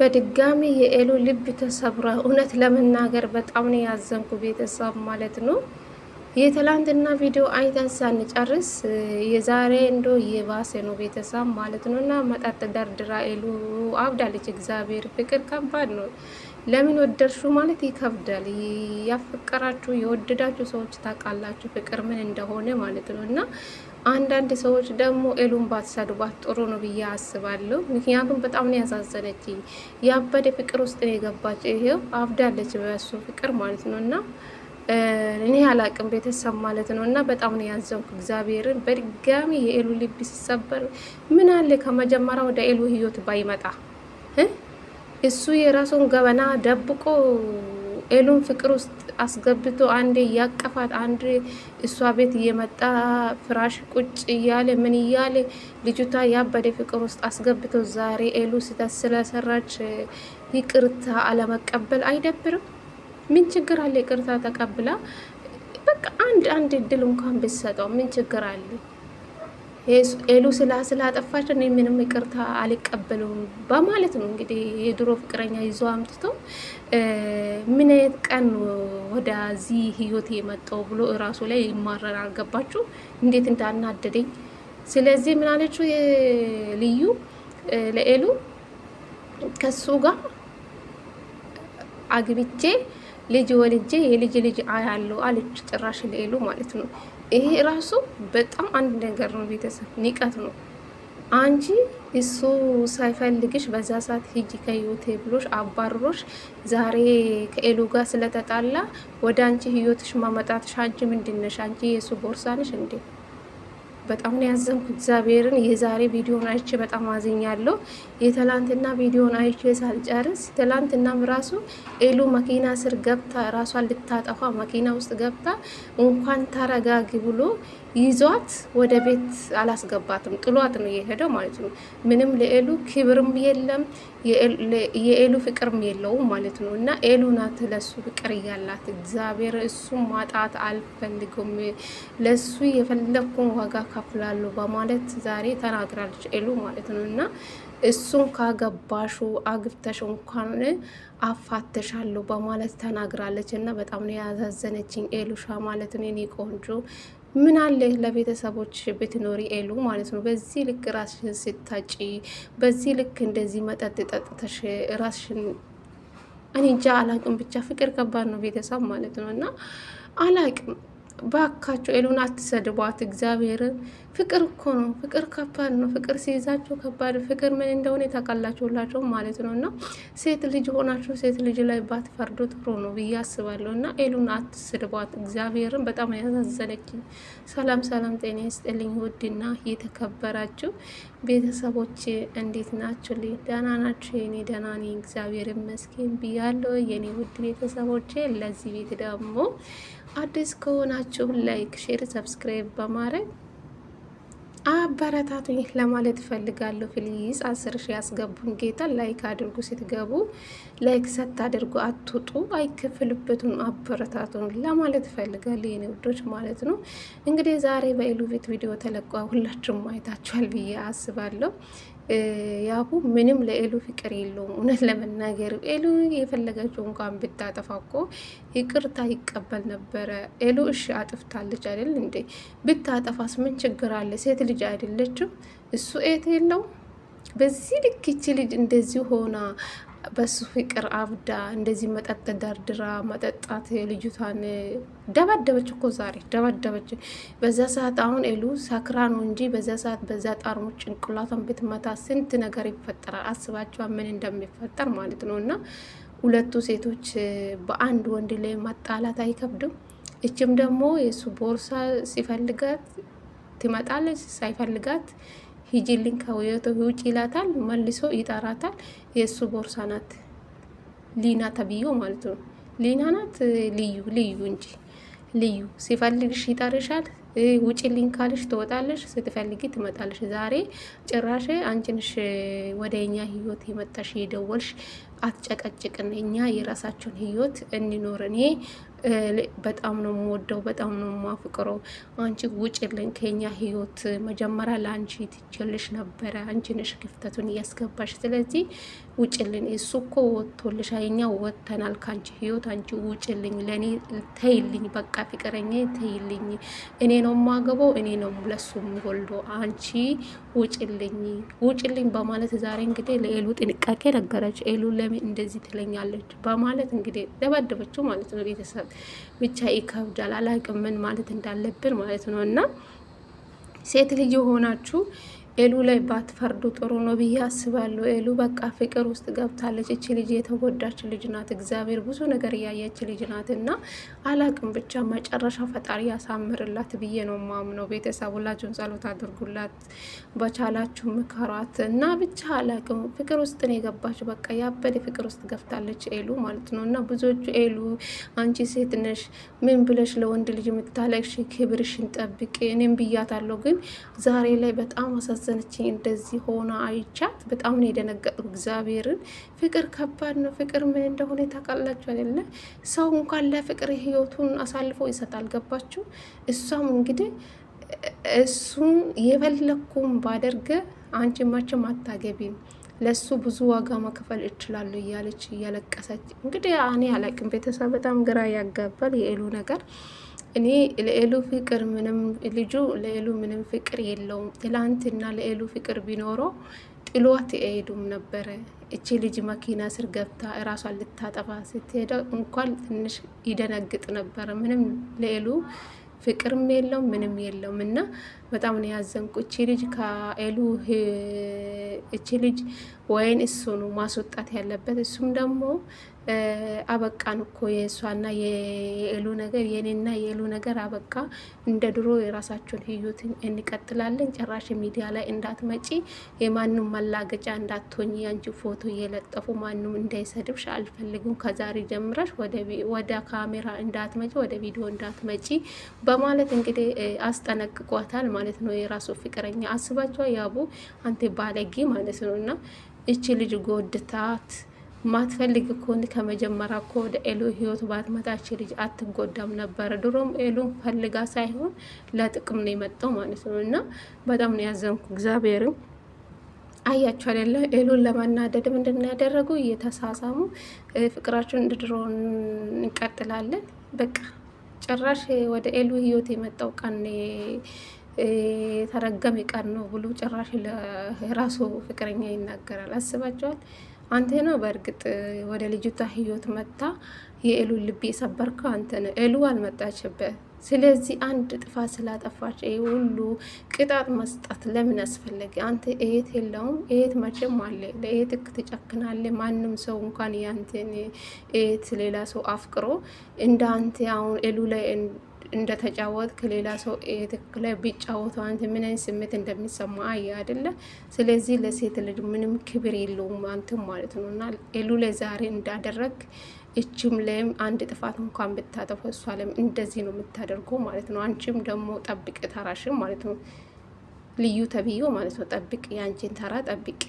በድጋሚ የኤሉ ልብ ተሰብረ። እውነት ለመናገር በጣም ነው ያዘንኩ ቤተሰብ ማለት ነው። የትላንትና ቪዲዮ አይተን ሳንጨርስ የዛሬ እንዶ የባሰ ነው ቤተሰብ ማለት ነው። እና መጠጥ ደርድራ ኤሉ አብዳለች። እግዚአብሔር ፍቅር ከባድ ነው። ለምን ወደርሹ ማለት ይከብዳል። ያፈቀራችሁ የወደዳችሁ ሰዎች ታውቃላችሁ ፍቅር ምን እንደሆነ ማለት ነው እና አንዳንድ ሰዎች ደግሞ ኤሉን ባትሰድቧት ጥሩ ነው ብዬ አስባለሁ። ምክንያቱም በጣም ነው ያሳዘነች ያበደ ፍቅር ውስጥ ነው የገባች። ይሄው አብዳለች በሱ ፍቅር ማለት ነው እና እኔ አላቅም ቤተሰብ ማለት ነው እና በጣም ነው ያዘንኩ። እግዚአብሔርን በድጋሚ የኤሉ ልብ ሲሰበር ምን አለ ከመጀመሪያ ወደ ኤሉ ህይወት ባይመጣ እሱ የራሱን ገበና ደብቆ ኤሉን ፍቅር ውስጥ አስገብቶ አንዴ እያቀፋት አንድ እሷ ቤት እየመጣ ፍራሽ ቁጭ እያለ ምን እያለ ልጅቷ ያበደ ፍቅር ውስጥ አስገብቶ ዛሬ ኤሉ ስህተት ስለሰራች ይቅርታ አለመቀበል አይደብርም? ምን ችግር አለ? ይቅርታ ተቀብላ በቃ አንድ አንድ እድል እንኳን ብትሰጠው ምን ችግር አለ? ኤሉ ስላ ስላጠፋች እኔ ምንም ይቅርታ አልቀበሉም በማለት ነው እንግዲህ የድሮ ፍቅረኛ ይዞ አምጥቶ ምን አይነት ቀን ወደዚህ ህይወት የመጣው ብሎ እራሱ ላይ ይማረር አልገባችሁ እንዴት እንዳናደደኝ። ስለዚህ ምን አለችው ልዩ ለኤሉ ከሱ ጋር አግብቼ ልጅ ወልጄ የልጅ ልጅ አያለው አለች። ጭራሽ ለኤሉ ማለት ነው ይሄ ራሱ በጣም አንድ ነገር ነው። ቤተሰብ ንቀት ነው። አንቺ እሱ ሳይፈልግሽ በዛ ሰዓት ሂጂ ከህይወቴ ብሎሽ አባርሮሽ ዛሬ ከኤሉ ጋር ስለተጣላ ወደ አንቺ ህይወትሽ ማመጣትሽ አንቺ ምንድነሽ? አንቺ የእሱ ቦርሳ ነሽ እንዴ? በጣም ነው ያዘንኩ። እግዚአብሔርን የዛሬ ቪዲዮን አይቼ በጣም አዝኛለሁ። የትላንትና ቪዲዮን አይቼ ሳልጨርስ ትላንትናም ራሱ ኤሉ መኪና ስር ገብታ ራሷን ልታጠፋ መኪና ውስጥ ገብታ እንኳን ተረጋጊ ብሎ ይዟት ወደ ቤት አላስገባትም። ጥሏት ነው የሄደው ማለት ነው። ምንም ለኤሉ ክብርም የለም የኤሉ ፍቅርም የለውም ማለት ነው። እና ኤሉ ናት ለሱ ፍቅር እያላት እግዚአብሔር እሱ ማጣት አልፈልግም፣ ለሱ የፈለግኩን ዋጋ ከፍላለሁ በማለት ዛሬ ተናግራለች ኤሉ ማለት ነው እና እሱን ካገባሹ አግብተሽ እንኳን አፋተሻለሁ በማለት ተናግራለች እና በጣም ነው ያዛዘነችኝ ኤሉሻ ማለት ነው የኔ ቆንጆ ምን አለ ለቤተሰቦች ብትኖሪ ኤሉ ማለት ነው። በዚህ ልክ ራስሽን ስታጪ፣ በዚህ ልክ እንደዚህ መጠጥ ጠጥተሽ ራስሽን እኔ እንጃ አላቅም። ብቻ ፍቅር ከባድ ነው ቤተሰብ ማለት ነው እና አላቅም ባካችሁ ኤሉን አትሰድቧት። እግዚአብሔር ፍቅር እኮ ነው። ፍቅር ከባድ ነው። ፍቅር ሲይዛችሁ ከባድ ፍቅር ምን እንደሆነ የታውቃላችሁላችሁ ማለት ነው። እና ሴት ልጅ ሆናችሁ ሴት ልጅ ላይ ባትፈርዱ ጥሩ ነው ብዬ አስባለሁ። እና ኤሉን አትስድቧት። እግዚአብሔርን በጣም ያሳዘነች። ሰላም ሰላም፣ ጤና ይስጥልኝ ውድና የተከበራችሁ ቤተሰቦች እንዴት ናችሁ? ልኝ ደህና ናችሁ? የኔ ደህና ነኝ እግዚአብሔር ይመስገን ብያለሁ። የኔ ውድ ቤተሰቦች ለዚህ ቤት ደግሞ አዲስ ከሆናችሁ ላይክ፣ ሼር፣ ሰብስክራይብ በማድረግ አበረታቱኝ ለማለት እፈልጋለሁ። ፍሊዝ አስር ሺ ያስገቡን ጌታ ላይክ አድርጉ። ስትገቡ ላይክ ስታደርጉ አትውጡ፣ አይከፍልበትም። አበረታቱን ለማለት እፈልጋለሁ የኔ ውዶች ማለት ነው። እንግዲህ ዛሬ በኢሉቪት ቪዲዮ ተለቋ ሁላችሁም አይታችኋል ብዬ አስባለሁ። ያቡ ምንም ለኤሉ ፍቅር የለውም። እውነት ለመናገር ኤሉ የፈለገችው እንኳን ብታጠፋ እኮ ይቅርታ ይቀበል ነበረ። ኤሉ እሺ አጥፍታለች አይደል እንዴ? ብታጠፋስ ምን ችግር አለ? ሴት ልጅ አይደለችም? እሱ ኤት የለውም። በዚህ ልክ ይቺ ልጅ እንደዚህ ሆና በሱ ፍቅር አብዳ እንደዚህ መጠጥ ደርድራ መጠጣት ልጅቷን ደበደበች እኮ ዛሬ ደበደበች። በዛ ሰዓት አሁን ኤሉ ሰክራ ነው እንጂ በዛ ሰዓት በዛ ጣርሙስ ጭንቅላቷን ብትመታ ስንት ነገር ይፈጠራል። አስባችኋ ምን እንደሚፈጠር ማለት ነው። እና ሁለቱ ሴቶች በአንድ ወንድ ላይ መጣላት አይከብድም። እችም ደግሞ የሱ ቦርሳ ሲፈልጋት ትመጣለች ሳይፈልጋት ሂጂልን ከውየቶ ውጭ ይላታል። መልሶ ይጠራታል። የእሱ ቦርሳ ናት ሊና ተብዮ ማለት ነው። ሊና ናት ልዩ ልዩ እንጂ ልዩ ሲፈልግሽ ይጠርሻል። ውጭልኝ ካልሽ ትወጣለሽ፣ ስትፈልጊ ትመጣለሽ። ዛሬ ጭራሽ አንቺንሽ ወደ እኛ ህይወት የመጣሽ የደወልሽ፣ አትጨቀጭቅን። እኛ የራሳቸውን ህይወት እንኖርን። በጣም ነው የምወደው፣ በጣም ነው የማፍቅረው። አንቺ ውጭልኝ ከኛ ህይወት፣ መጀመሪያ ለአንቺ ትችልሽ ነበረ። አንቺ ነሽ ክፍተቱን እያስገባሽ። ስለዚህ ውጭልኝ። እሱ እኮ ወጥቶልሻ፣ የኛ ወጥተናል ካንቺ ህይወት፣ አንቺ ውጭልኝ፣ ለእኔ ተይልኝ፣ በቃ ፍቅረኛ ተይልኝ። እኔ ነው ማገበው፣ እኔ ነው ለሱም ወልዶ፣ አንቺ ውጭልኝ፣ ውጭልኝ በማለት ዛሬ እንግዲህ ለኤሉ ጥንቃቄ ነገረች። ኤሉ ለምን እንደዚህ ትለኛለች በማለት እንግዲህ ደበደበችው ማለት ነው። ቤተሰብ ብቻ ይከብዳል፣ አላቅም ምን ማለት እንዳለብን ማለት ነው እና ሴት ልጅ የሆናችሁ ኤሉ ላይ ባትፈርዱ ጥሩ ነው ብዬ አስባለሁ። ኤሉ በቃ ፍቅር ውስጥ ገብታለች። እቺ ልጅ የተጎዳች ልጅ ናት። እግዚአብሔር ብዙ ነገር እያየች ልጅ ናት እና አላቅም ብቻ መጨረሻ ፈጣሪ ያሳምርላት ብዬ ነው ማምነው። ቤተሰብ ሁላችሁን ጸሎት አድርጉላት፣ በቻላችሁ ምከሯት እና ብቻ አላቅም ፍቅር ውስጥ ነው የገባች። በቃ ያበደ ፍቅር ውስጥ ገብታለች ኤሉ ማለት ነው እና ብዙዎቹ ኤሉ አንቺ ሴት ነሽ ምን ብለሽ ለወንድ ልጅ የምታለቅሽ ክብርሽን ጠብቅ፣ እኔም ብያታለሁ። ግን ዛሬ ላይ በጣም አሳዝ እንዳሳዘነች እንደዚህ ሆና አይቻት በጣም ነው የደነገጥኩ። እግዚአብሔርን ፍቅር ከባድ ነው። ፍቅር ምን እንደሆነ ታውቃላችሁ አይደለ? ሰው እንኳን ለፍቅር ህይወቱን አሳልፎ ይሰጣል። ገባችሁ? እሷም እንግዲህ እሱን የፈለግኩም ባደርገ አንቺ መቼም አታገቢም ለሱ ብዙ ዋጋ መክፈል እችላለሁ እያለች እያለቀሰች እንግዲህ እኔ አላቅም። ቤተሰብ በጣም ግራ ያጋባል የኤሉ ነገር እኔ ለኤሉ ፍቅር ምንም ልጁ ለኤሉ ምንም ፍቅር የለውም። ትላንትና ለኤሉ ፍቅር ቢኖረው ጥሏት አይሄዱም ነበረ። እቺ ልጅ መኪና ስር ገብታ እራሷን ልታጠፋ ስትሄደ እንኳን ትንሽ ይደነግጥ ነበረ። ምንም ለኤሉ ፍቅርም የለውም ምንም የለውም እና በጣም ነው ያዘንኩ። እቺ ልጅ ከኤሉ እቺ ልጅ ወይን እሱ ነው ማስወጣት ያለበት። እሱም ደግሞ አበቃን እኮ የእሷና የኤሉ ነገር የኔና የኤሉ ነገር አበቃ። እንደ ድሮ የራሳቸውን ህይወት እንቀጥላለን። ጭራሽ ሚዲያ ላይ እንዳትመጪ፣ የማንም መላገጫ እንዳትሆኝ፣ ያንቺ ፎቶ እየለጠፉ ማንም እንዳይሰድብሽ አልፈልግም። ከዛሬ ጀምረሽ ወደ ካሜራ እንዳትመጪ፣ ወደ ቪዲዮ እንዳትመጪ በማለት እንግዲህ አስጠነቅቋታል። ማለት ነው። የራሱ ፍቅረኛ አስባቸዋ ያቡ አንተ ባለጌ ማለት ነው። እና እቺ ልጅ ጎድታት ማትፈልግ ኮን ከመጀመሪያ እኮ ወደ ኤሉ ህይወት ባትመጣች ልጅ አትጎዳም ነበር። ድሮም ኤሉን ፈልጋ ሳይሆን ለጥቅም ነው የመጣው ማለት ነው። እና በጣም ነው ያዘንኩ። እግዚአብሔርም አያቸው አይደለ? ኤሉን ለማናደድ ምንድን ያደረጉ? እየተሳሳሙ ፍቅራቸውን እንደ እንቀጥላለን በቃ ጭራሽ ወደ ኤሉ ህይወት የመጣው ቀን የተረገመ ቀን ነው ብሎ ጭራሽ ለራሱ ፍቅረኛ ይናገራል። አስባቸዋል። አንተ ነው በእርግጥ ወደ ልጅቷ ህይወት መጣ የኤሉ ልብ የሰበርከው አንተ ነው። እሉ አልመጣችበት። ስለዚህ አንድ ጥፋት ስላጠፋች ይህ ሁሉ ቅጣት መስጠት ለምን አስፈለገ? አንተ እየት የለውም? እህት መቼም አለ። ለእህትህ ትጨክናለህ። ማንም ሰው እንኳን ያንተን እህት ሌላ ሰው አፍቅሮ እንደ አንተ አሁን ኤሉ ላይ እንደተጫወት ከሌላ ሰው ትክክለ ቢጫወተው አንተ ምን አይነት ስሜት እንደሚሰማ አየ አይደለ? ስለዚህ ለሴት ልጅ ምንም ክብር የለውም አንተም ማለት ነው። እና ሄሉ ለዛሬ እንዳደረግ እችም ላይም አንድ ጥፋት እንኳን ብታጠፋ እሷ ላይም እንደዚህ ነው የምታደርገው ማለት ነው። አንቺም ደግሞ ጠብቅ ተራሽም ማለት ነው። ልዩ ተብዬው ማለት ነው። ጠብቅ የአንቺን ተራ ጠብቅ።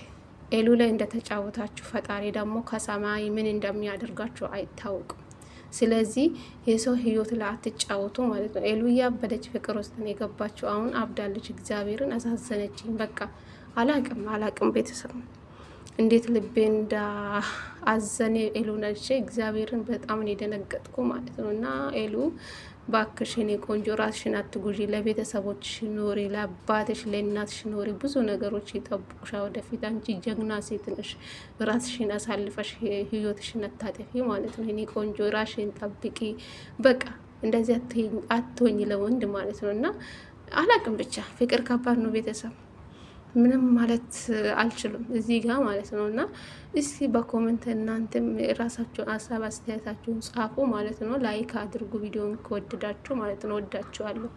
ሄሉ ላይ እንደተጫወታችሁ ፈጣሪ ደግሞ ከሰማይ ምን እንደሚያደርጋችሁ አይታወቅም። ስለዚህ የሰው ህይወት ላይ አትጫወቱ ማለት ነው። ኤሉ ያበደች ፍቅር ውስጥ ነው የገባችው። አሁን አብዳለች። እግዚአብሔርን አሳዘነችኝ። በቃ አላቅም አላቅም ቤተሰብ እንዴት ልቤ እንዳ እንዳአዘነ ኤሉ ነች። እግዚአብሔርን በጣም ነው የደነገጥኩ ማለት ነው። እና ኤሉ ባክሽ የኔ ቆንጆ ራስሽን አትጉዢ፣ ለቤተሰቦችሽ ኖሪ፣ ለአባትሽ ለእናትሽ ኖሪ። ብዙ ነገሮች ይጠብቁሻል ወደፊት። አንቺ ጀግና ሴት ነሽ። ራስሽን አሳልፈሽ ህይወትሽን አታጠፊ ማለት ነው። የኔ ቆንጆ ራስሽን ጠብቂ። በቃ እንደዚህ አትሆኝ ለወንድ ማለት ነው። እና አላቅም ብቻ ፍቅር ከባድ ነው ቤተሰብ ምንም ማለት አልችሉም እዚህ ጋር ማለት ነው። እና እስኪ በኮመንት እናንተም ራሳችሁን ሀሳብ አስተያየታችሁን ጻፉ ማለት ነው። ላይክ አድርጉ ቪዲዮን ከወደዳችሁ ማለት ነው። ወዳችኋለሁ።